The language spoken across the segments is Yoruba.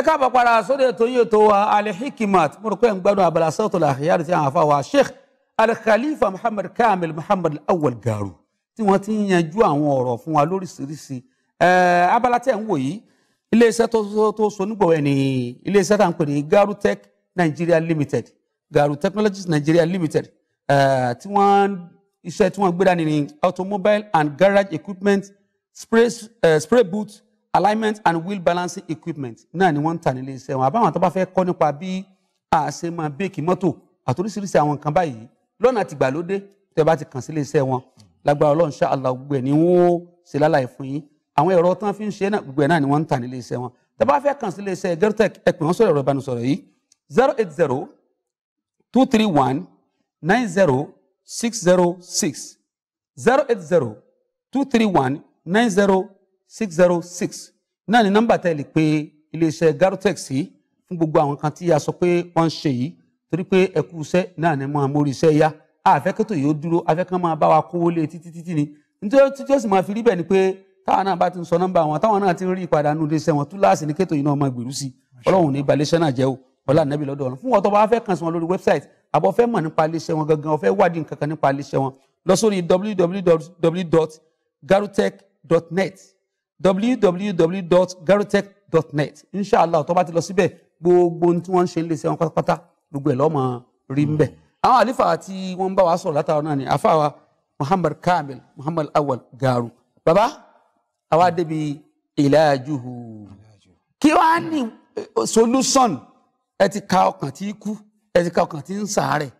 ẹ káàbọ̀ padà sórí ètò yìí ètò wa Al-Hikmat mo rò pé ń gbádùn abala Sawtul Akhyar tí àwọn afa wa Sheikh Al-Khalifa Muhammad Kamil Muhammad Awwal Garu tí wọ́n ti ń yanjú àwọn ọ̀rọ̀ fún wa lóríṣiríṣi abala tẹ̀ ń wò yìí iléeṣẹ́ tó so nígbọ̀wọ́ ẹ̀ ní iléeṣẹ́ tá à ń pè ní Garu Tech Nigeria Limited Garu Technologies Nigeria Limited tí wọ́n iṣẹ́ tí wọ́n gbé dání automobile and garage equipment spray, uh, spray booth alignment and wheel balancing equipment náà ni wọ́n ń tà nílé iṣẹ́ wọn àbáwọn tó bá fẹ́ kọ́ nípa bí a ṣe máa bẹ́ẹ̀kì mọ́tò àtòríṣiríṣi àwọn nǹkan báyìí lọ́nà àtìgbàlódé tẹ́ bá ti kàn sílé iṣẹ́ wọn lágbára ọlọ́run ṣá àlà gbogbo ẹ̀ ni wọ́n ó ṣe lálàyé fún yín àwọn ẹ̀rọ tán fi ń ṣe gbogbo ẹ̀ náà ni wọ́n ń tà nílé iṣẹ́ wọn tẹ́ bá fẹ́ kàn sílé iṣẹ́ gertech ẹ pè wọ́n sọ̀rọ̀ ẹ̀rọ ìbánisọ̀rọ̀ yìí zero eight zero two three one nine zero six zero six zero eight zero two three one nine zero six zero six náà ni nọ́mbà tẹ́ lè pe iléeṣẹ́ Garutex yìí fún gbogbo àwọn kan tí a sọ pé wọ́n ń ṣe yìí torí pé ẹkú iṣẹ́ náà ni máa mórí iṣẹ́ yá àfẹ́kẹ́tò yóò dúró afẹ́kẹ́ máa bá wa kówó lé títí títí ni nítorí tí ó sì máa fi rí bẹ́ẹ̀ ni pé táwọn náà bá ti ń sọ nọ́mbà wọn táwọn náà ti ń rí ìpadànù iléeṣẹ́ wọn túláàsì ní kétò yìí náà máa gbèrú sí ọlọ́run ní ìbàlẹ́ṣẹ́ náà jẹ́ o ọlá nàbí lọ́dọ̀ ọ̀run fún ọ̀tọ̀ bá fẹ́ kàn sí wọn lórí wẹ́bsáìtì àbọ̀ www.garotech.net inshallah tó bá ti lọ síbẹ̀ gbogbo ohun tí wọ́n ń ṣe léṣe wọn pátápátá gbogbo ẹ̀ lọ́mọ rí ń bẹ̀. àwọn àlífà tí wọ́n ń bá wa sọ̀rọ̀ látara náà ni àfa wa muhammad kamil muhammad awal garu baba àwa débi ìlàjúhu kí wàá ní eh, solution ẹ ti ka ọkàn tí kú ẹ ti ka ọkàn tí ń sàárẹ̀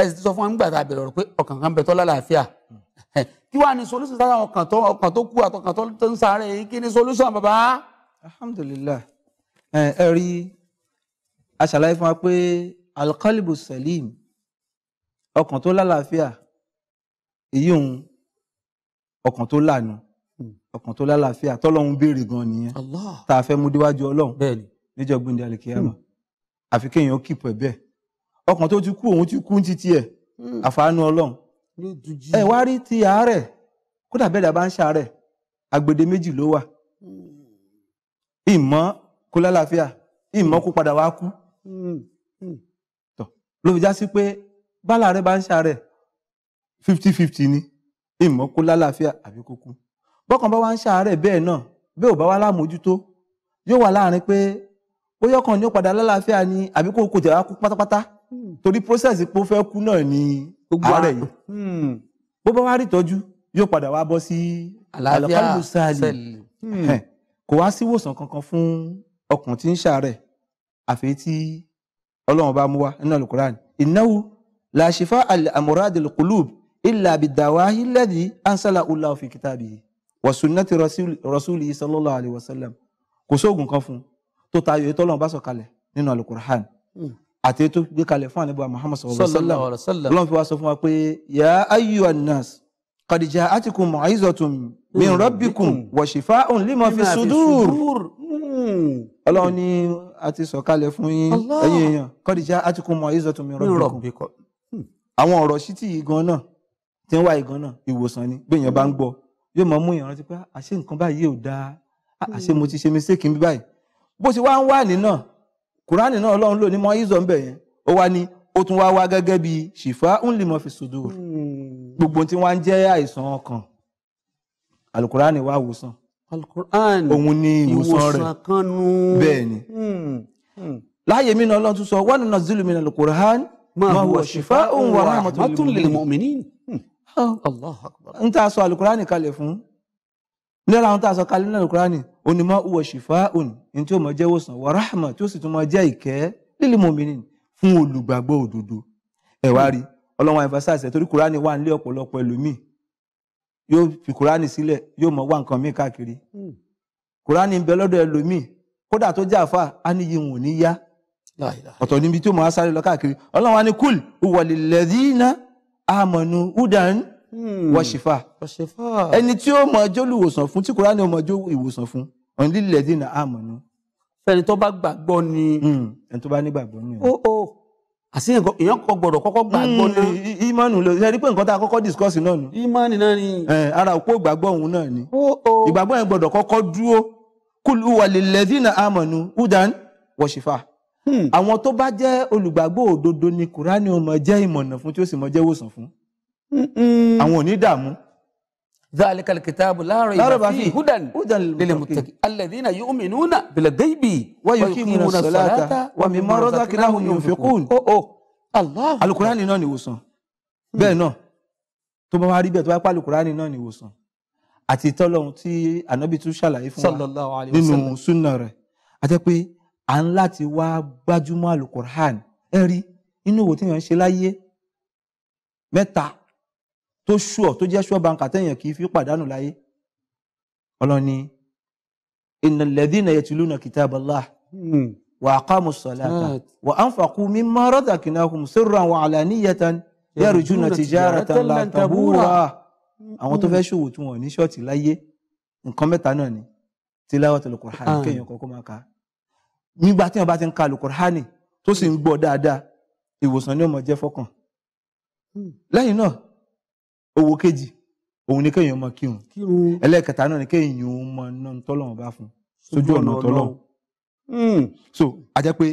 ẹ sì ti sọ fún wa nígbà tá a bẹ̀rẹ̀ ọ̀rọ̀ pé ọkàn kan bẹ tó lálàáfíà kí wàá ní solution sára ọkàn tó ọkàn tó kú àtọkàn tó ń sáré yìí kí ni solution bàbá. alhamdulilah ẹ ẹ rí aṣàlàyé fún wa pé alqalbu salim ọkàn tó lálàáfíà èyí òun ọkàn tó lànà ọkàn tó lálàáfíà tọ́lọ́run béèrè gan nìyẹn tá a fẹ́ mú déwájú Ọlọ́run níjọ́ gbìndé alikiyama hmm. àfi kéèyàn kìpọ̀ ẹ̀ bẹ́ẹ̀ ọkàn tó ti kú òun ti kú títí ẹ̀ hmm. àfààní Ọlọ́run ẹ wá rí ti àárẹ̀ kódà bẹ́ẹ̀ dà bá ń ṣàárẹ̀ àgbèdè méjì ló wà hmm. ìmọ̀ kó lálàáfíà ìmọ̀ hmm. kó padà wá kú hmm. tọ̀ ló fi já sí pé bálà rẹ bá ń ṣàárẹ̀ fifty fifty ni ìmọ̀ kó lálàáfíà àbí kó kú bọ́kàn bá wá ń ṣàárẹ̀ bẹ́ẹ̀ náà bẹ́ẹ̀ ò bá wá láàmójútó yóò wà láàrin pé bóyá ọkàn ni ó padà lálàáfíà ni àbí kó kò jẹ́ wá kú pátápátá torí process pé ó fẹ́ kú náà ni gbogbo àárẹ̀ yìí hmm. bó bá wá rí ìtọ́jú yóò padà wá bọ́ sí àlọ́kálù sáàlì hmm. kò wá sí ìwòsàn kankan fún ọkàn tí ń ṣàárẹ̀ àfi tí ọlọ́run bá mú wá nínú alukurani innahu la shifa al-amradil qulub illa bidawahi alladhi ansala Allahu fi kitabihi wa sunnati rasulihi sallallahu alayhi wa sallam kò sóògùn kan fún tó tayọ ètò ọlọ́run bá sọ̀kalẹ̀ nínú alukurani. Hmm àti tó gbé kalẹ̀ fún àníbọ̀ Muhammad sallallahu alaihi wasallam lọ́n fi wá sọ fún wa pé ya ayyuhan nas qad ja'atkum mau'izatun min rabbikum wa shifa'un lima fi sudur ọlọ́run ni a ti sọ kalẹ̀ fún yín ẹ̀yin èèyàn qad ja'atkum mau'izatun min rabbikum hmm. àwọn ọ̀rọ̀ sí ti ìgan náà tí ń wá ìgan náà ìwòsàn ni bí èèyàn bá ń gbọ́ yóò mọ̀ mú ìrántí pé àṣé nǹkan báyìí ò dáa àṣé mo ti ṣe mistake mi báyìí bó ti wá ń wà ní kùránì náà ọlọ́run lò ní mọ́ ìzọ̀ ń bẹ̀ yẹn ó wá ní ó tún wá wá gẹ́gẹ́ bí ṣìfà ń lè mọ́ fi sùdù hmm. gbogbo tí wọ́n ń jẹ́ àìsàn ọkàn alukurani wá wòsàn òun ni ìwòsàn rẹ̀ bẹ́ẹ̀ ni hmm. hmm. láàyè mi náà ọlọ́run tún sọ wọ́n nínú zilu mi náà alukurani máa wọ ṣìfà òun wà rahmatun lil mu'minin. Ah, n ta sọ alukurani kalẹ̀ fún lára àwọn tá a sọ kalẹ̀ nínú Kùránì onímọ̀ uwọ̀ ṣìfà òní ní tí ó mọ̀ jẹ́ wòsàn wàràhàmà tí ó sì tún mọ̀ jẹ́ ìkẹ́ lílì mọ̀mìnì fún olùgbàgbọ́ òdodo ẹ̀ wá rí ọlọ́wọ́n àìfàsáìsẹ̀ torí Kùránì wà nílé ọ̀pọ̀lọpọ̀ ẹlòmíì yóò fi Kùránì sílẹ̀ yóò mọ̀ wá nǹkan míì káàkiri Kùránì hmm. ń bẹ lọ́dọ̀ ẹlòmíì kódà tó jẹ́ àfa á níyì wọn ò ní Hmm. wọ́n ṣèfà ẹni tí ó mọ jó olùwòsàn fún tí kúránì ó mọ jó ìwòsàn fún ọ̀n lílẹ̀ dínà àmọ́ ni. fẹ́ni tó bá gbàgbọ́ ni. Hmm. ẹni tó bá ní gbàgbọ́ ni. ó ó àti èèyàn kan gbọ́dọ̀ kọ́kọ́ gbàgbọ́ hmm. ni. ìmánì ló ṣe rí pé nǹkan tá a kọ́kọ́ discuss náà ni. ìmánì náà ni. Eh, ara òpó ìgbàgbọ́ òun náà ni. ó oh, ó oh. ìgbàgbọ́ yẹn gbọ́dọ̀ kọ́kọ́ dúró kúlù wà lè lẹ́dínà àmọ́ nu udan wọ̀ṣìfà àwọn tó bá jẹ́ olùgbàgbọ́ òdodo ni kùránì ó máa jẹ́ ìmọ̀nà fún tí ó sì máa jẹ́ wòsàn fún àwọn ò ní dààmú. ذلك الكتاب لا ريب فيه هدى للمتقين الذين يؤمنون بالغيب ويقيمون الصلاة ومما رزقناهم ينفقون ó ó Allah alukurani náà ni ìwòsàn bẹ́ẹ̀ náà tó bá wá rí bẹ́ẹ̀ tó bá pa alukurani náà ni ìwòsàn àti tọ́lọ́run tí ànábì tún ṣàlàyé fún wa nínú súnà rẹ̀ àti pé à ń láti wá gbájúmọ́ alukurani ẹ rí inú òwò tí wọ́n ń ṣe láyé mẹ́ta tó ṣùọ tó jẹ́ ṣùọ bàǹkà tẹyàn kì í fi pàdánù láyé Ọlọ́run ni innal ladhina yatluna kitaballah hmm. wa aqamu salata wa anfaqu mimma razaqnahum sirran wa alaniyatan yarjuna tijaratan la tabura hmm. àwọn tó fẹ́ ṣòwò tí wọ́n ní ṣọ́ọ̀tì láyé nǹkan mẹ́ta náà ni tilawatul Qur'ani ah. kéèyàn kọ́kọ́ máa ka nígbà tí wọ́n bá ti ń ka Al-Qur'ani tó sì ń gbọ́ dáadáa ìwòsàn ni ó máa jẹ́ fọ́kàn hmm. lẹ́yìn náà owó kejì òun ni kéèyàn mọ kírun ẹlẹ́ẹ̀kẹta náà ni kéèyàn mọ náà tọ́lọ́run bá fún sójú ọ̀nà tọ́lọ́run hmm. so a jẹ́ pé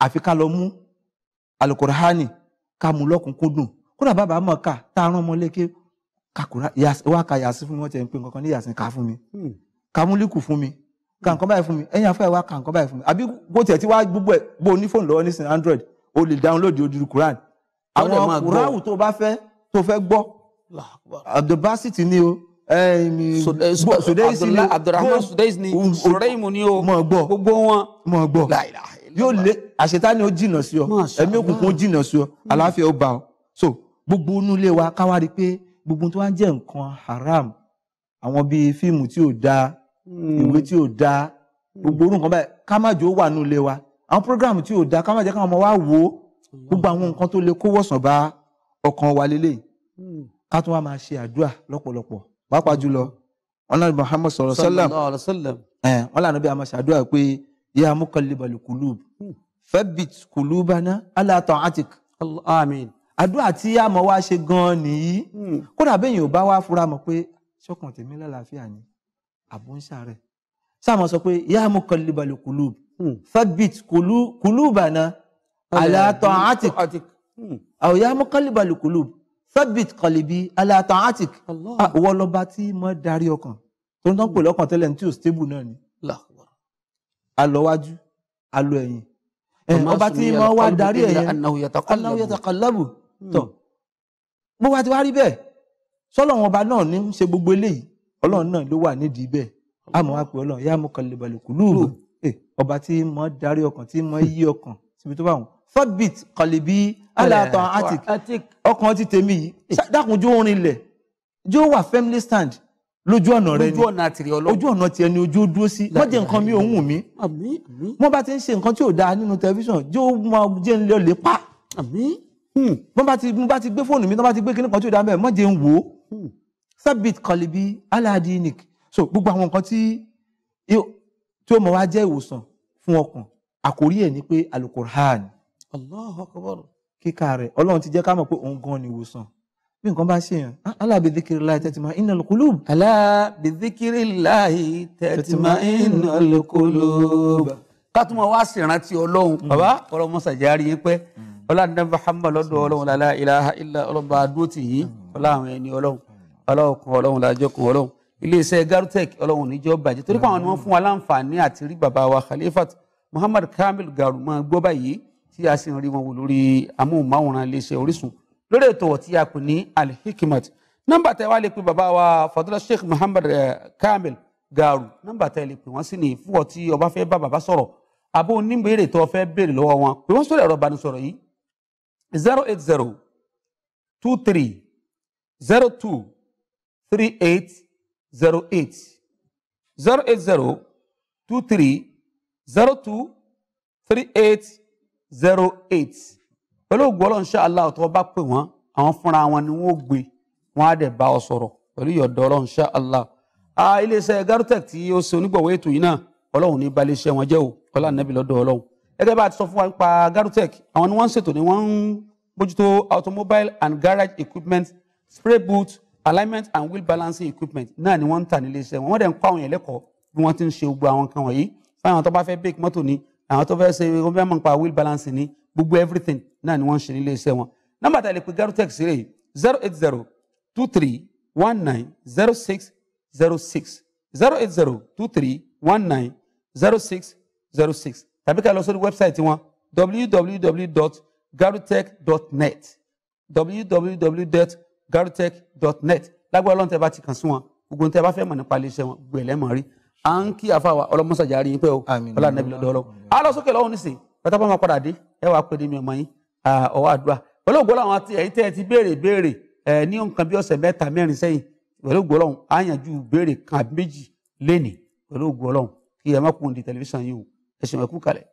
àfi ká lọ mú alukurahani ká mú lọ́kùnkúndùn kódà bàbá mọ̀ ká tá a rán ọmọ lékè kakura wá ka yàsí fún mi wọ́n ti ń pè nǹkan kan ní yàsí ká fún mi hmm. ká mú líkù fún mi ká nǹkan báyìí fún mi ẹ̀yin afẹ́ wa ká nǹkan báyìí fún mi àbí bó tiẹ̀ ti wá gbogbo ẹ̀ bó ní fóònù lọ́wọ́ nísìnyí android o lè download ojú kuran àwọn kurawu tó bá fẹ́ tó fẹ́ gbọ́ abdulbasiti ni o eh, sudeisi ni abdulrahman sudeisi ni um, suraimu ni o mọ gbọ́ gbogbo wọn mọ gbọ́ yóò lé àṣetánì ó jìnnà sí ọ ẹ̀mí òkùnkùn ó jìnnà sí ọ hmm. àlàáfíà ó bá ọ so gbogbo inú ilé wa ká wá rí i pé gbogbo tó wá jẹ́ nǹkan haram àwọn bíi fíìmù tí ò dáa hmm. ìwé tí ò dáa hmm. gbogbo orú nǹkan báyìí ká má jò ó wà nínú ilé wa àwọn programu tí ò dáa ká má jẹ́ káwọn ọmọ wa wò ó gbogbo àwọn nǹkan tó lè kó wọ̀sán bá ọkàn wa lélẹ̀ a tún wá máa ṣe àdúrà lọ́pọ̀lọpọ̀ pàápàá jùlọ wọn lànà Muhammad sọ̀rọ̀ sọ́làm wọn lànà bí a máa ṣàdúrà pé yà á mú kọ́lébàlù kùlùb fẹ́bìt kùlùbánà ala ta'atik. àmín. àdúrà tí a mọ̀ wá ṣe gan-an nìyí hmm. kódà bẹ́yìn ò bá wá fura mọ̀ pé ṣọ́kàn tèmi lálàáfíà ni àbò ń ṣàárẹ̀ sáàmù sọ pé yà á mú kọ́lébàlù kùlùb fẹ́bìt kùlùbánà ala ta'atik. àwòyà mú kọ́lébàlù kùlùb thabit qalbi ala ta'atik ah, ìwọ lọba tí mo darí ọkàn tó ń tán pè lọ́kàn tẹ́lẹ̀ tí ò stable náà ni alọ́wájú alọ́ ẹ̀yìn ọba tí mo wá darí ẹ̀yìn annahu yataqallabu hmm. tọ̀ bó wá ti wá rí bẹ́ẹ̀ sọ́lọ́run ọba náà ní ṣe gbogbo eléyìí ọlọ́run náà ló wà nídìí bẹ́ẹ̀ àmọ́ wá pé ọlọ́run ya muqallibal qulub eh, ọba tí mo darí ọkàn tí mo yí ọkàn síbi tó bá wọn fọ́bìt kọ̀lìbí aláàtọ̀ atik ọkàn ti tèmi yìí dákun jó orin lẹ̀ jó wà family stand lójú ọ̀nà rẹ ni ojú ọ̀nà tiẹ̀ ni ojú dúró sí wọ́n jẹ́ nǹkan mi ò ń wù mí wọ́n bá ti ń ṣe nǹkan tí ò dáa nínú tẹlifíṣàn jó máa jẹ́ ń lé ọ̀lẹ́ pa wọ́n hmm. bá ti bá ti gbé fóònù mi wọ́n bá ti gbé kíní kan tí ò dáa bẹ́ẹ̀ mọ́ jẹ́ ń wò ó hmm. fọ́bìt kọ̀lìbí aláàdínìk so gbogbo àwọn nǹkan tí tí ó mọ̀ wá jẹ́ ìwòsàn fún ọkàn àkórí ẹ̀ ni pé alukur'an Allahu akbar kíkà rẹ̀ ọlọ́run ti jẹ́ ká mọ̀ pé òun gan ni ìwòsàn bí nǹkan bá ṣe yàn ah, ala bi dhikrillahi tatma innal qulub. ala bi dhikrillahi tatma innal qulub. ká tún mọ wá ṣèrántí ọlọ́run mm. bàbá ọlọ́run mọ́sá jẹ́ àárín yín pẹ́ mm. ọlọ́run Muhammad lọ́dọ̀ ọlọ́run la ilaha illa ọlọ́run bá dúró tì yín mm. ọlọ́run ẹni ọlọ́run ọlọ́run kan ọlọ́run lájọ kan ọlọ́run iléeṣẹ́ garutech ọlọ́run níjọ́ bàjẹ́ torí pé ni wọ́n fún wa láǹfààní àti rí bàbá wa Khalifat Muhammad Kamil Garu máa gbọ́ báyìí tí a sì ń rí wọn wò lórí amóhùnmáwòrán iléeṣẹ́ Orísun lórí ètò tí a pè ní alhikimat nọ́mbà tẹ wá lè pe bàbá wa fadúrà Sheikh Muhammad eh, Kamil Garu nọ́mbà tẹ lè pè wọ́n sí ní fúwọ́ tí o bá fẹ́ bá bàbá sọ̀rọ̀ àbó oníbèrè tó fẹ́ béèrè lọ́wọ́ wọn pé wọ́n sọ̀rọ̀ ẹ̀rọ ìbánisọ̀rọ̀ yìí zero eight zero two three zero two three eight zero eight zero eight zero two three zero two three eight zero eight pẹ̀lú ògùn ọlọ́run inshallah tó bá pè wọ́n àwọn fúnra wọn ni wọ́n gbé wọn á dẹ̀ bá ọ sọ̀rọ̀ pẹ̀lú ìyọ̀dọ̀ ọlọ́run inshallah iléeṣẹ́ garutech tí ó ṣe onígbọ̀wọ́ ètò yìí náà ọlọ́run ní balẹ̀ iṣẹ́ wọn jẹ́ o ọlá nàbì lọ́dọ̀ ọlọ́run gẹ́gẹ́ bá a ti sọ fún wa nípa garutech àwọn ni wọ́n ń ṣètò ni wọ́n ń bójútó automobile and garage equipment spray boot alignment and wheel balancing equipment náà ni wọ́n ń tà nílé iṣẹ́ wọn wọ́n dẹ̀ ń kọ́ àwọn yẹn lẹ́kọ̀ọ́ bí wọ́n ti ń ṣe gbogbo àwọn kan wọ̀nyí fáwọn tó bá fẹ́ bake mọ́tò ni àwọn tó fẹ́ ṣe wọ́n fẹ́ mọ̀ nípa wheel balance ní gbogbo everything náà ni wọ́n ń ṣe nílé iṣẹ́ wọn nọ́mbà tá a lè pe garutex rè zero eight zero two three one nine zero six zero six zero eight zero two three one nine zero six zero six tàbí ká lọ sórí wẹ́bsáìtì wọn www.garutech.net www.garutech.net lágbára ọlọ́run tẹ́ bá ti kàn sí wọn gbogbo ohun tẹ́ bá fẹ́ mọ̀ nípa iléeṣẹ́ wọn gbogbo ẹ̀ rí à ń kí àfa wa ọlọmọsàjà rí yín pé o ọlá nàbí lọ́dọ̀ ọlọ alọsókè lọ́hùn nísìn bàtà bá máa padà dé ẹ wàá pè ní mi ọmọ yín ọwọ́ àdúrà olóògbé làwọn àti ẹ̀yìn tẹ́ ẹ ti béèrè béèrè ẹ ní nǹkan bí ọ̀sẹ̀ mẹ́ta mẹ́rin sẹ́yìn olóògbé lọ́hùn àyànjú béèrè kan méjì lénìí olóògbé lọ́hùn kí ẹ má kún di tẹlifíṣàn yìí o ẹ ṣe wọn kú kalẹ̀.